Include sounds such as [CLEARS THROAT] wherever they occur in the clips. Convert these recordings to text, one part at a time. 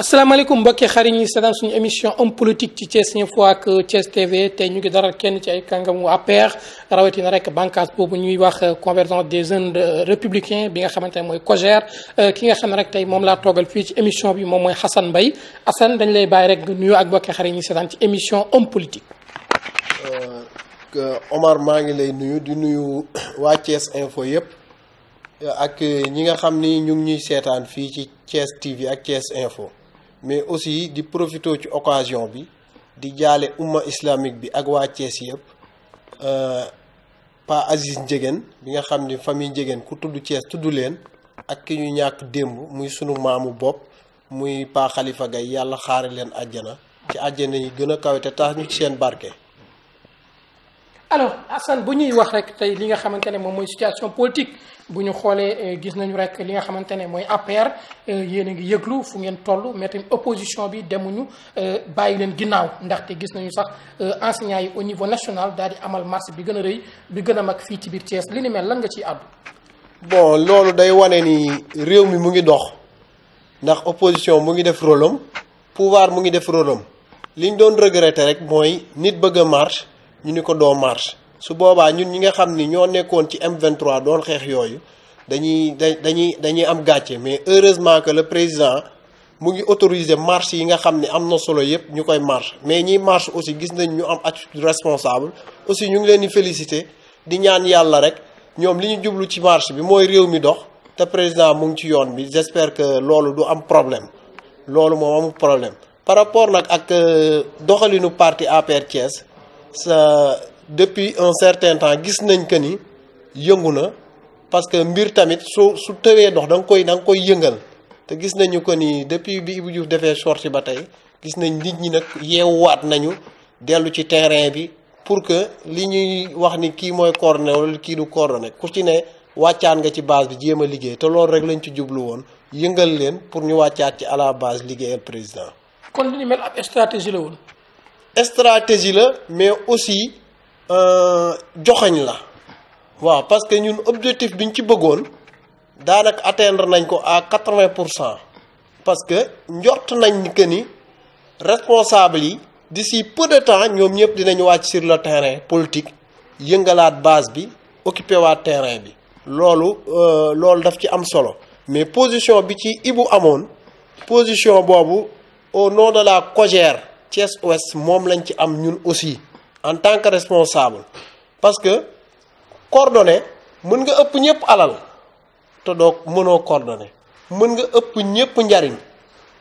asalaamaaleykum mbokki xarit ñi seetaan suñu émission homme politique ci Thiès Info ak Thiès TV tey ñu ngi daral kenn ci ay kangam kàngamu APR rawatina rek bànqaas bobu ñuy wax convergence des jeunes républicains bi nga xamante moy mooy euh, ki nga xam rek tay mom la togal fi ci émission bi mom moy Hassan Mbaye Hassan dañ lay bay rek nuyu ak mbokki xarit ñi seetaan ci émission homme politique. euh, euh Omar ma ngi lay nuyu di nuyu wa Thiès Info yépp ak ñi nga xam ni ñu ngi ñuy seetaan fii ci Thiès TV ak Thiès Info. mais aussi di profité ci occasion bi di jaale umma islamique bi ak waa Thiès yëpp euh, Pa Aziz Ndiéguène bi nga xam ni famille Ndiéguène ku tudd Thiès tudd leen ak ki ñu ñàkk démb muy sunu maamu bopp muy Pa xalifa Gaye yàlla xaare leen àjjana ci àjjana yi gën a kawe te tax ñu ci seen barke alors Assane bu ñuy wax rek tey li nga xamante ne moom mooy situation politique bu ñu xoolee euh, gis nañu rek li nga xamante ne mooy APR euh, yéen a ngi yëglu fu ngeen toll mais tamit opposition bi demuñu euh, bàyyi leen ginnaaw ndaxte gis nañu sax enseignants yi au niveau national daal di amal marche bi gën a rëy bi gën a mag fii ci biir Thiès li ni mel lan nga ciy àddu. bon loolu day wane ni réew mi mu ngi dox ndax opposition mu ngi def rôle am pouvoir mu ngi def rôle am doon regretter rek mooy nit bëgg a ñu ni ko doo marche su boobaa ñun ñi nga xam ni ñoo nekkoon ci M23 doon xeex yooyu dañuy dañuy dañuy am gàcce mais heureusement que le président mu ngi autoriser marche yi nga xam ni am na solo yëpp ñu koy marche mais ñiy marche aussi gis nañ ñu am attitude responsable aussi ñu ngi leen di féliciter di ñaan yàlla rek ñoom li ñu jublu ci marche bi mooy réew mi dox te président mu ngi ci yoon bi j'espère que loolu du am problème loolu moom amul problème par rapport nag ak euh, doxalinu parti APR Thiès sa depuis un certain temps gis nañ que ni yëngu na parce que mbir tamit su su tëwee ndox da nga koy da koy yëngal te gis nañu que ni depuis bi Ibou Diouf defee sorti ba tey gis nañ nit ñi nag yeewuwaat nañu dellu ci terrain bi pour que li ñuy wax ni kii mooy coordonné wala kii du coordonné ku ci ne wàccaan nga ci base bi jéem a liggéey te loolu rek lañ ci jublu woon yëngal leen pour ñu wàccaat ci à la base liggéeyal président. kon li ñu mel ab stratégie stratégie là mais aussi euh, joxañ la parce que ñun objectif qui est ci bëggoon atteindre nañ à 80% parce que nous nañ que ni responsable d'ici peu de temps nous ñëpp dinañ wacc sur le terrain politique yëngalaat base bi occuper wa terrain bi ce lolu euh, daf ci am solo mais position bi ci Ibou position position bobu au nom de la Cogère, Thiès Ouest moom lañ ci am ñun aussi en tant que responsable parce que coordonner, mën nga ëpp ñëpp alal te doo coordonner, coordonné mën nga ëpp ñëpp njariñ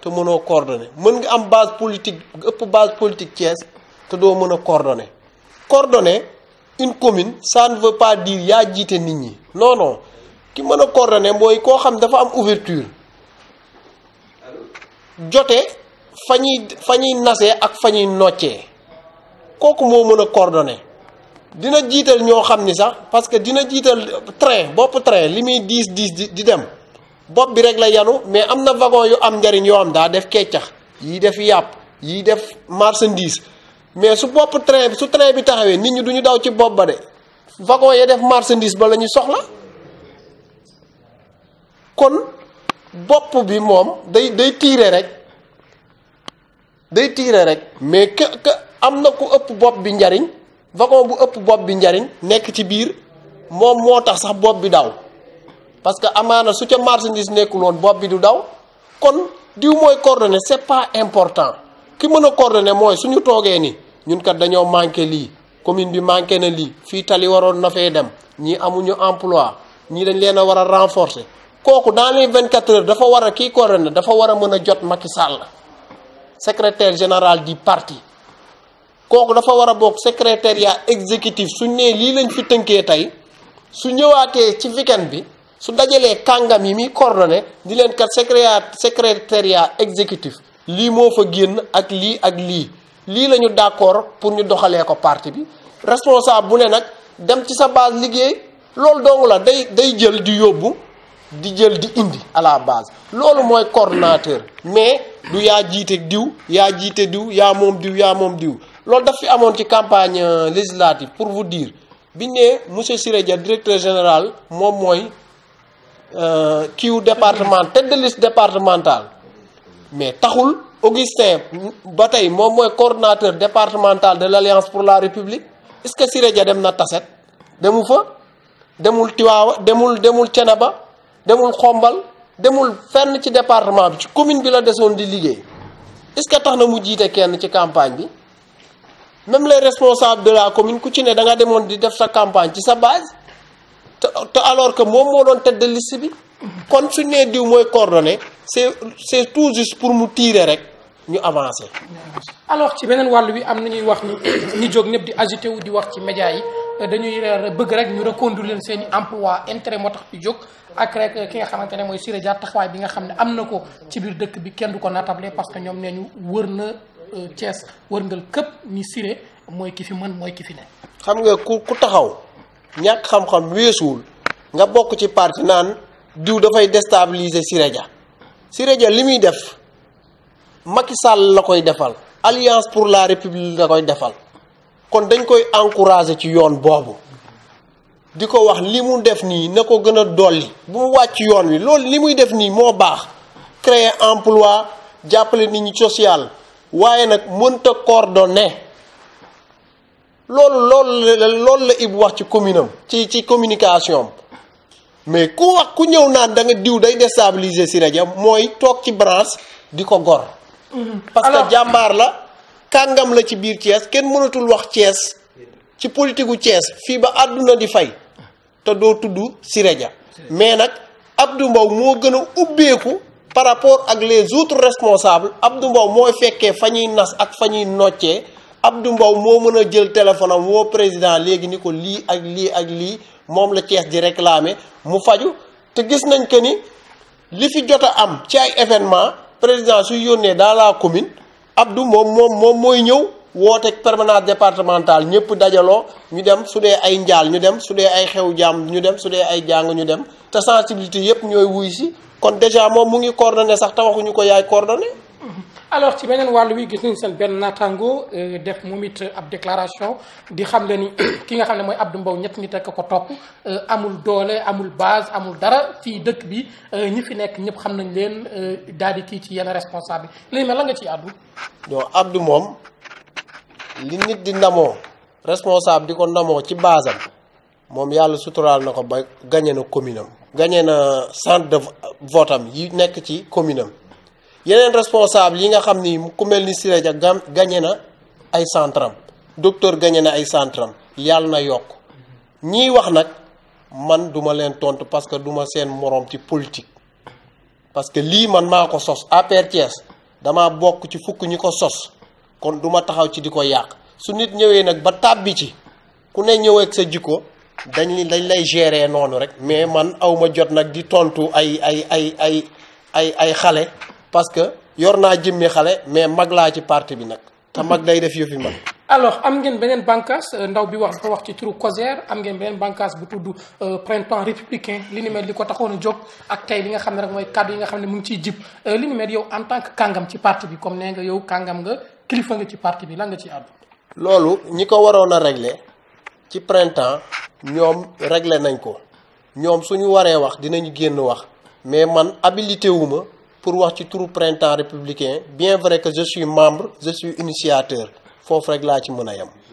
te mënoo coordonné mën nga am base politique ëpp base politique Thiès te doo mën Coordonner coordonner, une commune ça ne veut pas dire y'a jiite nit ñi non non ki mën coordonner, coordonné mooy y xam dafa am ouverture jote fa ñuy fa ñuy nasee ak fa ñuy noccee kooku moo mën a coordonné dina jiital ñoo xam ni sax parce que dina jiital train bopp train li muy diis diis di dem bopp bi rek la yanu mais am na wagon yu am njariñ yoo am daa def keccax yii def yàpp yii def marchandise mais su bopp train bi su train bi taxawee nit ñi du daw ci bopp ba de wagon ya def marchandise ba la ñu soxla kon bopp bi moom day day tiire rek day tiire rek mais que que am na ku ëpp bopp bi njariñ wagon bu ëpp bopp bi njariñ nekk ci biir moom moo tax sax bopp bi daw parce que amaana su ca marchandise nekkul woon bopp bi du daw kon diw mooy coordonné c'est pas important ki mën a coordonné mooy suñu toogee nii ñun kat dañoo manqué lii commune bi manqué na lii fii tali waroon na fee dem ñii amuñu emploi ñii dañ leen a war a kooku dans les vingt quatre heures dafa war a kii coordonné dafa war a mën a jot Macky Sall secretaire général du parti kooku dafa war a bokk secrétariat exécutif suñ nee lii lañ fi tënkee tey su ñëwaatee ci weekend bi su dajalee kàngam yi muy coordonné di leen kat secrétariat secrétariat exécutif lii moo fa génn ak lii ak lii lii la ñu d'accord pour ñu doxalee ko parti bi responsable bu ne nag dem ci sa base liggéey loolu dong la day day jël di yóbbu di jël di indi à la base loolu mooy coordonnateur mais du yaa jiite diw yaa jiite diw yaa moom diw yaa moom diw loolu daf fi amoon ci campagne euh, législative pour vous dire biñ ne monsieur Siré Dia directeur général moom mooy euh, kiiw département tête de liste mais taxul Augustin ba tey moom mooy coordonnateur départemental de l' alliance pour la république est ce que Siré Dia dem na Tassette demu fa demul Tiwaawa demul demul Cenaba demul Xombal demul fenn ci département bi ci commune bi la desoon di liggéey est-ce que tax na mu jiite kenn ci campagne bi même les responsables de la commune ku ci ne da demoon di def sa campagne ci sa base te te alors que moom moo doon tête de bi kon suñ nee diw mooy coordonné c'est c'est tout juste pour mu tirer rek ñu avancer. alors ci beneen wàll bi am na ñuy wax ni [COUGHS] ñi jóg ñëpp di agité wu di wax ci média yi dañuy euh, bëgg rek ñu reconduire leen seen i emploi intérêt moo tax ñu jóg. ak rek ki nga xamante ne mooy Siré Dia taxawaay bi nga xam ne am na ko ci biir dëkk bi kenn du ko natable parce que ñoom nee ñu wër na euh, Thiès wërngal këpp ni Siré mooy ki fi mën mooy ki fi ne. xam nga ku ku taxaw ñàkk xam-xam weesuwul nga bokk ci parti naan diw dafay déstabiliser Siré ja Siré Dia li muy def Macky Sall la koy defal Alliance pour la République la koy defal kon dañ koy encourager ci yoon boobu. di ko wax li mu def nii na ko gën a dolli bu mu wàcc yoon wi loolu li muy def nii moo baax créer emploi jàppale nit ñi social waaye nag mënta coordonner loolu loolu loolu la Ibou wax ci commune am ci ci communication am mais ku wax ku ñëw naan da nga diw day déstabiliser Siraja mooy toog ci branche di ko gor mhm. parce que jàmbaar la kàngam la ci biir Thiès kenn mënatul wax cees ci politique gu Thiès fii ba àdduna di fay te doo tudd Siré Dia mais nag Abdou Mbow moo gën a ubbeeku par rapport ak les autres responsables Abdou Mbow moo fekkee fa ñuy nas ak fa ñuy noccee Abdou Mbow moo mën a jël téléphone am woo président léegi ni ko lii ak lii ak lii moom la Thiès di réclamer mu faju te gis nañ que ni li fi jot a am ci ay événement président suy yónnee dans la commune Abdou moom moom moom mooy ñëw woote permanence départementale ñëpp dajaloo ñu dem su dee ay njaal ñu dem su dee ay xew jaam ñu dem su dee ay jàng ñu dem te sensibilité yëpp ñooy wuy si kon déjà moom mu ngi coordonné sax te waxuñu ko yaay coordonné. Mm-hmm. alors ci beneen wàll wi gis nañu seen benn naataango euh, def moom it ab déclaration di xam le ni [COUGHS] ki nga xam ne mooy Abdou Mbow ñett ñi tekk ko topp euh, amul doole amul base amul dara fii dëkk bi euh, ñi fi nekk ñëpp xam nañ leen daal di kii ci yenn responsable léegi la nga ciy àddu. non Abdou moom li nit di ndamoo responsable di ko ndamoo ci baasam moom yàlla suturaal na ko ba gañe na commune am gañe na centre de vote yi nekk ci commune am yeneen responsable yi nga xam ni ku mel ni Siré Dia gañe na ay centre am docteur gañe na ay centre am yàlla na yokk ñiy wax nag man duma leen tontu parce que duma seen moroom ci politique parce que lii man maa ko sos APR Thiès dama bokk ci fukk ñi ko sos kon duma taxaw ci diko ko su nit ñëwé nak ba tabbi ci ku ne ñëw ak sa jikko dañ dañ lay gérer nonu rek mais man awma jot nag di tontu ay ay ay ay ay ay xalé parce que yorna jimmi xalé mais mag la ci parti bi nak ta mag day def yofi man alors am ngeen benen bankas euh, ndaw bi wax dafa wax ci turu COSER am ngeen benen bankas bu tuddu euh, printemps républicain li ni mel liko taxone job ak tay li nga xamne rek moy kàddu yi nga xamne mu ngi ci jip euh, li ni mel yow en tant que kangam ci parti bi comme ne nga yow kangam nga kilifa nga ci parti bi lan nga ci àddu. loolu ñi ko waroon a régler ci printemps ñoom régler nañ ko ñoom su ñu waree wax dinañu génn wax mais man habilité wu pour wax ci turu printemps républicain bien vrai que je membre je suis initiateur foofu rek laa ci mën a yem.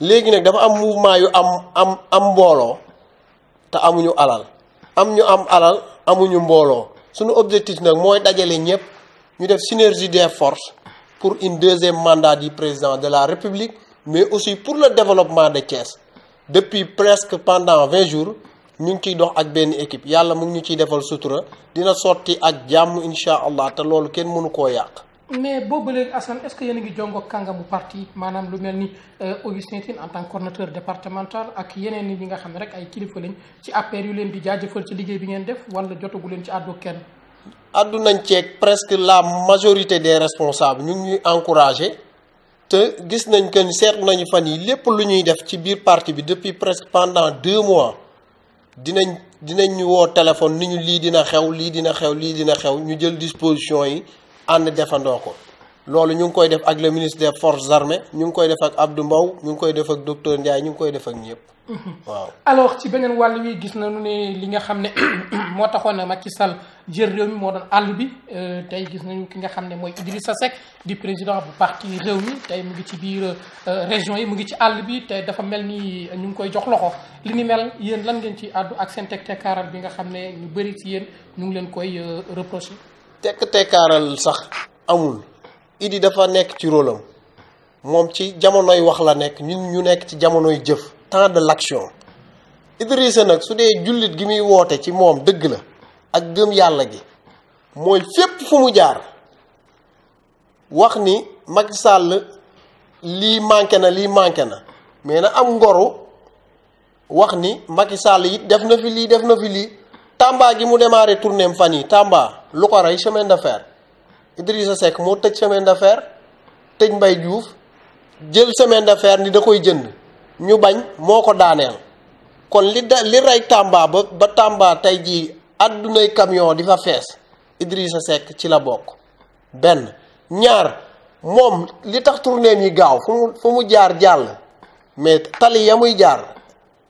léegi nag dafa am mouvement yu am am am mbooloo te amuñu alal am ñu am alal amuñu mbooloo suñu objectif nag mooy dajale ñëpp ñu def synergie des force pour une deuxième mandat yi président de la république mais aussi pour le développement de Thiès depuis presque pendant vingt jours ñu ngi ciy dox ak benn équipe yàlla mu ngi ñu ciy defal sutura dina sotti ak jàmm incha allah te loolu kenn mënu koo yàq. mais est-ce que vous ngi jongo euh, Augustin en tant que coordinateur départemental ak yeneen ñi nga xam rek ay kilifa ci yu di presque la majorité des responsables ñu ñuy encouragé te gis que fan parti depuis presque pendant deux mois dinañ dinañ ñu téléphone ñu dina xew dina xew disposition ànd defandoo ko loolu ñu ngi koy def ak le ministre des forces armées ñu ngi koy def ak Abdou Mbow ñu ngi koy def ak docteur Ndiaye ñu ngi koy def ak ñëpp. Mm-hmm. waaw alors ci benen walu wi gis nañu ne li nga xamné mo taxone Macky Sall jël réew mi mo doon àll bi euh, tay gis nañu ki nga xamné moy Idrissa Seck di président bu parti réew mi tay mu ngi ci biir euh, région yi mu ngi ci àll bi tey dafa melni ñu ngi koy jox loxo li ni mel yeen lan ngeen ci addu ak sen teg tekkaaral bi nga xamné ne ñu bëri ci yeen ñu ngi leen koy euh, reprocher tekk tekkaaral sax amul Idy dafa nekk ci rôle moom ci jamonoy wax la nekk ñun ñu nekk ci jamonoy jëf temps de l'action Idrissa nag su dee jullit gi muy woote ci moom dëgg la ak gëm yàlla gi mooy fépp fu mu jaar wax ni Macky Sall lii manqué na lii manqué na mais na am ngoru wax ni Macky Sall it def na fi lii def na fi lii Tamba gi mu démarré tournée am fan yi Tamba lu ko rey semaine de fer Idrissa Seck moo tëj semaine de fer tëj mbay Diouf jël semaine de fer ni da koy jënd ñu bañ moo ko daaneel kon li da li rey Tamba ba ba Tamba tey jii addunay camion di fa fees Idrissa Seck ci la bokk benn ñaar moom li tax tournée yi gaaw fu mu fu mu jaar jàll mais tali ya muy jaar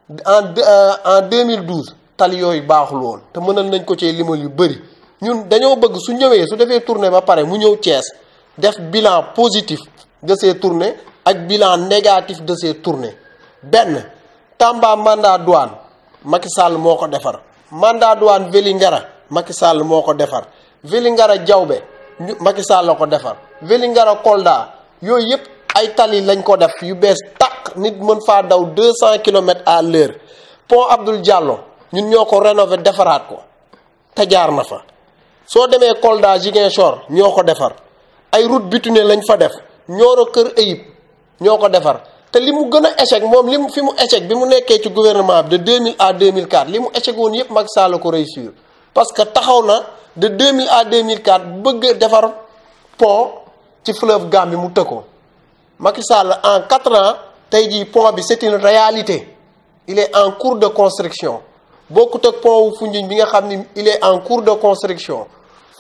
en euh, en 2012 tali yooyu baaxul woon te mënal nañ ko cee limal yu bëri ñun dañoo bëgg su ñëwee su defee tournée ba pare mu ñëw Thiès def bilan positif de ces tournées ak bilan négatif de ces tournées benn Tamba mandat douane Macky Sall moo ko defar mandat douane Vélingara Macky Sall moo ko defar Vélingara Diaobé Macky Sall la ko defar Vélingara Kolda yooyu yëpp ay tali lañ ko def yu bees tàq nit mën faa daw deux cent kilomètres à l'heure pont Abdoul Diallo ñun ñoko rénover défarat ko ta jaar na fa so démé ay route lañ fa def ñoro Kër ñoko défar té limu gëna échec échec ci gouvernement de 2000 à 2004 limu échec Macky Sall ko réussir parce que taxaw na de 2000 à 2004 bëgg défar pont ci fleuve gambi mu Macky en quatre ans tay jii pont bi c'est une réalité il est en cours de construction. bokkut ak pont wu Foundiougne bi nga xam ni il est en cours de construction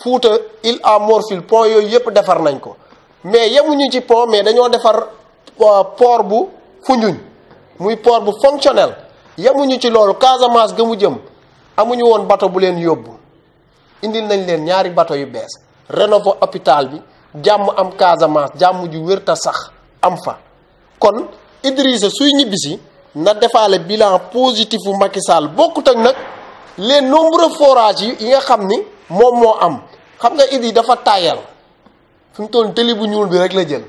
Fouta il à Morphil pont yooyu yëpp defar nañ ko mais yemuñu ci pont mais dañoo defar euh, port bu Foundiougne muy port bu fonctionnel yemuñu ci loolu Casamance ga mu jëm amuñu woon bato bu leen yóbbu indil nañ leen ñaari bato yu bees rénover hôpital bi jàmm am Casamance jàmm ju wér sax am fa kon Idrissa suy ñibbisi na defaale bilan positif bu Macky Sall bokkut nag les nombreux forages yi yi nga xam ni moom moo am xam nga Idy dafa taayal fi mu toll tëli bu ñuul bi rek la jël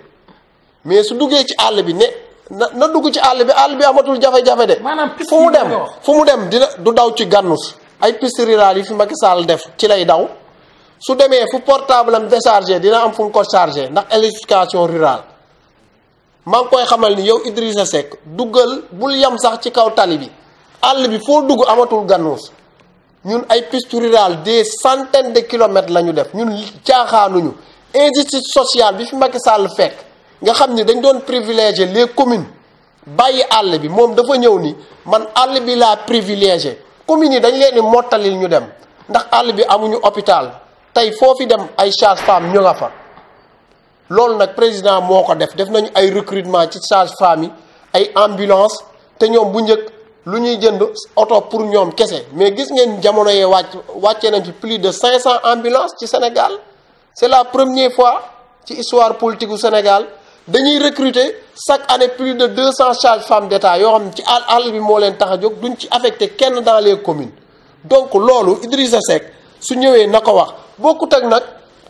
mais su duggee ci àll bi ne na na dugg ci àll bi àll bi amatul jafe-jafe de. maanaam fu mu dem fu mu dem dina du daw ci gànnus ay piste rurale yi fi Macky Sall def ci lay daw su demee fu portable am déchargé dina am fu mu ko chargé ndax électrification rurale. maa koy xamal ni yow Idrissa Seck dugal bul yem sax ci kaw tali bi àll bi foo dugg amatul ganuus ñun ay piste rurale de centaines de kilomètres la ñu def ñun caaxaanuñu injustice sociale bi fi Macky Sall fekk nga xam ni dañ doon privilégier les communes bàyyi àll bi moom dafa ñëw ni man àll bi laa privilégié communes yi dañ leen di mottalil ñu dem ndax àll bi amuñu hôpital tey foo dem ay charge femme ñu nga fa loolu nak président moko def def nañ ay recrutement ci sage-femme ay ambulance té ñom bu ñëk lu ñuy jënd auto pour ñom kessé mais gis ngeen jamono yee wacc waccé nañ ci plus de 500 ambulances ci Sénégal c'est la première fois ci histoire politique du Sénégal dañuy recruter chaque année plus de 200 sages-femmes d'État yo xam ci al al bi mo leen tax duñ ci affecter kenn dans les communes donc loolu Idrissa Seck su ñëwé nako wax bokut ak nak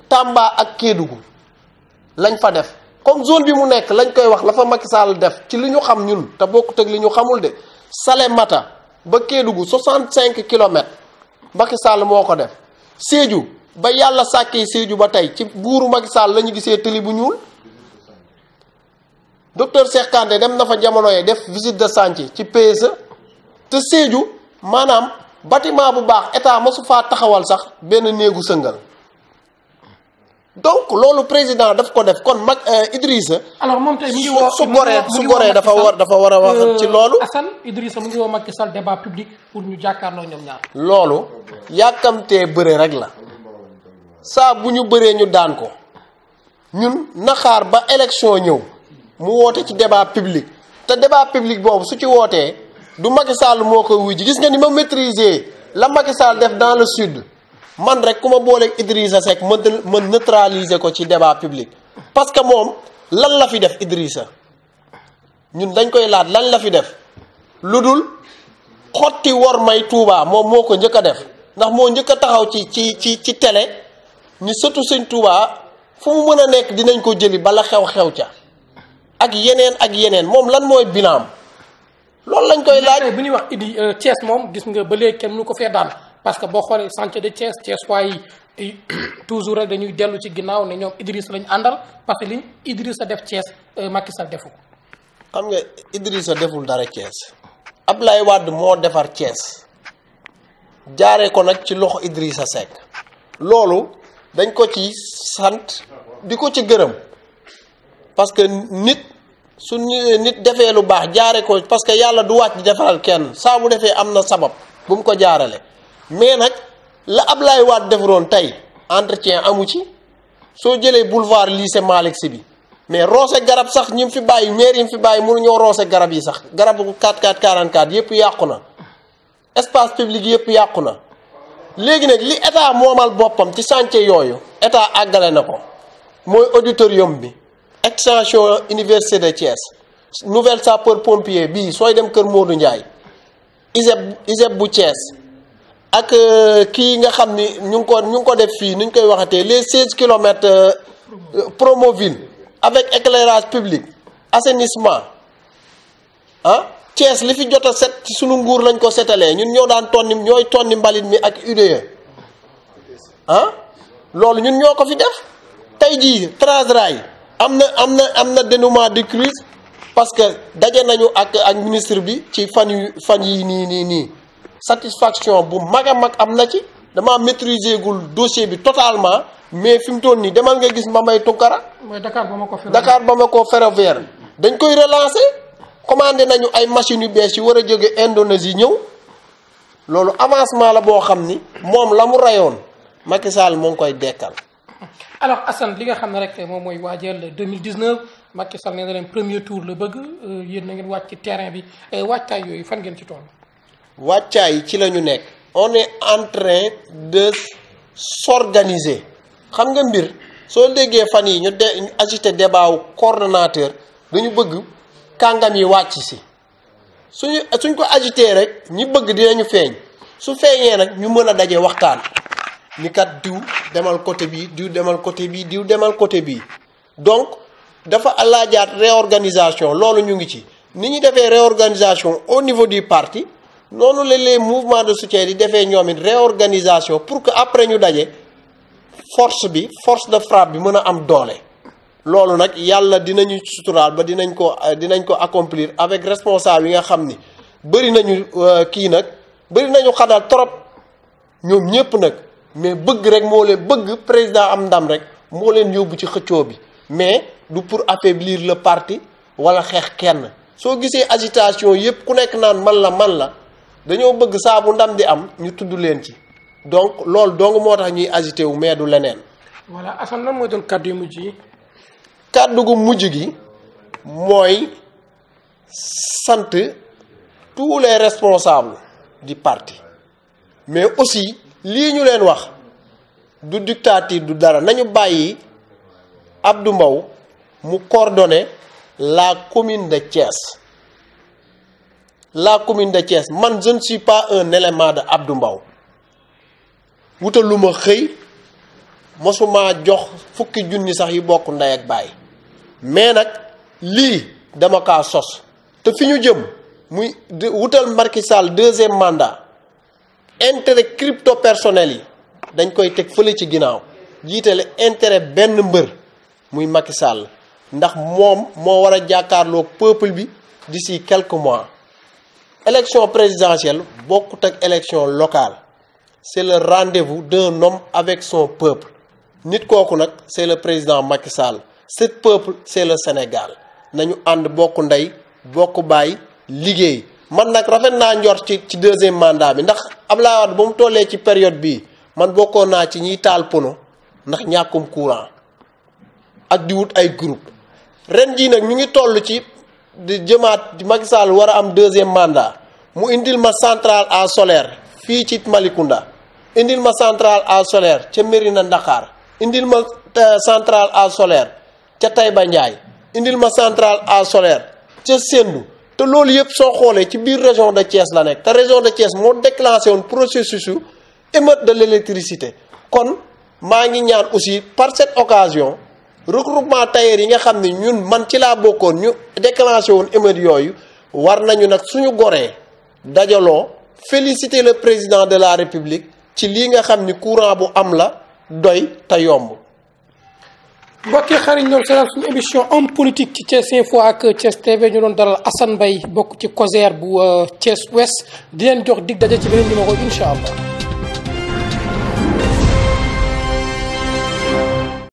Tamba ak Kédougou lañ fa def comme zone bi mu nekk lañ koy wax lafa fa Macky def ci li ñu xam ñun te bokkut ak li ñu xamul de Salémata ba Kédougou 65 kilomètres Macky Sall moo ko def Sédhiou ba yàlla sàkkee Sédhiou ba tey ci buuru Macky Sall la ñu gisee tëli bu ñuul docteur Cheikh dem na fa jamono yee def visite de chantier ci PSE te Sédhiou maanaam bâtiment bu baax état masu faa taxawal sax benn néegu sëngal donc loolu président daf ko def kon mag euh, Idrissa. alors moom tey mu ngi woo su goree su goree dafa war dafa war a wax euh, ci loolu. Assane Idrissa mu ngi woo Macky Sall débat public pour ñu jàkkaarloo ñoom ñaar. loolu yàkkamtee bëre rek la saa bu ñu bëree ñu daan ko ñun naxaar ba élection ñëw mu woote ci débat public te débat public boobu su ci wootee du Macky Sall moo koy wuy gis nga ni ma maîtriser la Macky Sall def dans le sud. man rek ku ma booleeg Idrissa Seck ma ma neutraliser ko ci débat public parce que moom lan la fi def idrisa ñun dañ koy laaj lan la fi def lu dul xotti wor may Touba moom moo ko njëkk a def ndax moo njëkk a taxaw ci ci ci ci télé ñu sëtu sëñ Touba fu mu mën a nekk dinañ ko jëli bala xew-xew ca ak yeneen ak yeneen moom lan mooy bilan loolu lañ koy laaj. bu ñuy wax Idi euh, Thiès moom gis nga ba léegi kenn lu ko fee daan parce que boo xoolee santé de Thiès Thiès waaye yi [CLEARS THROAT] toujours rek dañuy dellu ci ginnaaw ne ñoom Idrissa lañ àndal parce que liñ Idrissa def Thiès euh, Macky Sall defu ko. xam nga Idrissa deful dara Thiès Ablaye Wade moo defar Thiès jaare ko nag ci loxo a Seck loolu dañ ko ci sant di ko ci gërëm parce que nit. su nit defee lu baax jaare ko parce que yàlla du wàcc defaral kenn saa bu defee am na sabab bu mu ko jaarale mais nag la ab Ablaye Wade defaroon tey entretien amu ci soo jëlee boulevard lycée Malick Sy bi mais roose garab sax ñi mu fi bàyyi maire yi mu fi bàyyi mënuñoo roose garab yi sax garabu 4444 yëpp yàqu na espace public yëpp yàqu na léegi nag li état moomal boppam ci chantier yooyu état àggale na ko mooy auditorium bi extension université de Thiès nouvelle sapeur pompier bi sooy dem kër Modou Ndiaye ISEP ISEP bu Thiès ak euh, kii nga xam ni ñu ngi ko ñu ngi ko def fii ni koy waxatee les seize kilomètres euh, Promoville avec éclairage public assainissement ah Thiès li fi jot a set ci sunu nguur lañ ko setalee ñun ñoo daan tonni ñooy tonni mbalit mi ak UDE ah loolu ñun ñoo ko fi def tey jii Transrail am na am na am na dénouement de crise parce que daje nañu ak ak ministre bi ci fan yu fan nii nii nii satisfaction bu maga mag am na ci dama maîtriser gul dossier bi totalement mais fim mu demal nga gis Mambay Tunkara. mooy Dakar ko fere Dakar Bamako Ferroviaire dañ koy relancer commandé nañu ay machine yu bees ci wara joge Indonésie ñew lolu avancement la bo xamni mom lamu rayon Macky Sall koy alors Assane li nga xam rek mom moy wajeel 2019 Macky Sall nee premier tour le bëgg euh, yéen na ngeen wacc ci terrain bi euh, waajtaay yoy fan ngeen ci toll. wàccaay ci la ñu nekk on est en train de s'organiser xam nga mbir soo déggee fan yi ñu de ñu agité débat wu coordonnateur dañu bëgg kàngam yi wàcc si suñu suñ ko agité rek ñi bëgg dinañu feeñ su feeñee nag ñu mën a daje waxtaan ni kat diw demal côté bii diw demal côté bii diw demal côté bii donc dafa laajaat réorganisation loolu ñu ngi ci ni ñu defee réorganisation au niveau du parti Non le les mouvements de soutien di defee une réorganisation pour que après ñu d'ailleurs force bi force de frappe bi mën am doole loolu nak yalla dinañu sutural ba dinañ ko dinañ ko accomplir avec responsable yi nga xamni bari nañu euh, ki nak bari nañu xadal trop ñom ñep nak mais bëgg rek mo le bëgg président am ndam rek mo leen yóbbu ci xëccio bi mais du pour affaiblir le parti wala xex kenn so gisé agitation yépp ku nek naan man la man la dañoo bëgg saabu bu ndam di am ñu tudd leen ci donc loolu dong moo tax ñuy agité wu mais du leneen. voilà Assane lan mooy doon kàddu yu mujj yi. kàddu gu mujj gi mooy sant tous responsable di parti mais aussi lii ñu leen wax du dictature du dara nañu bàyyi Abdou mbaw mu coordonner la commune de Thiès. la commune de Thiès man je ne suis pas un élément de Abdou Mbow wutaluma xëy mosuma jox fukki junni sax yi bokk ndey ak baay mais nag lii dama kaa sos te fi ñu jëm muy wutal Macky Sall deuxième mandat intérêt crypto personnel yi dañ koy teg fële ci ginnaaw jiitale intérêt benn mbër muy Macky Sall ndax moom moo war a jàkkaarloog peuple bi si quelque mois élection présidentielle beaucoup d'élections élection locale c'est le rendez-vous d'un homme avec son peuple nit kooku c'est le président Macky Sall ce peuple c'est le Sénégal nañu ànd bokk ndey bokk bàyyi liggéey man nag rafet naa ci ci deuxième mandat bi ndax Abdoulaye Wade ba ci période bi, man bokkoon naa ci ñiy taal pono ndax ñàkkum courant ak wut ay groupe ren jii nag ñu ngi toll ci di jëmaat Macky Sall war a am deuxième mandat mu indil ma centrale à solaire fii ci Malicounda indil ma centrale à solaire ca Mérina ndaxaar indil ma euh, centrale à solaire ca Taïba Ndiaye indil ma centrale à solaire ca Sendou te loolu yëpp soo xoolee ci biir région de Thiès la nekk te région de Thiès moo déclenché woon processus émeute de l' électricité kon maa ngi ñaan aussi par cette occasion regroupement tailleur yi nga xam ne ñun man ci laa bokkoon ñu déclenché woon émeute yooyu war nañu nag suñu goree dajaloo féliciter le président de la république ci lii nga xam ni courant bu am la doy te yomb. mbokki xariñ loolu c'est suñu émission homme politique ci Thiès Info ak Thiès TV ñu doon dalal Assane Mbaye bokk ci COJER bu euh, Thiès Ouest di leen jox dig daje ci beneen numéro incha allah.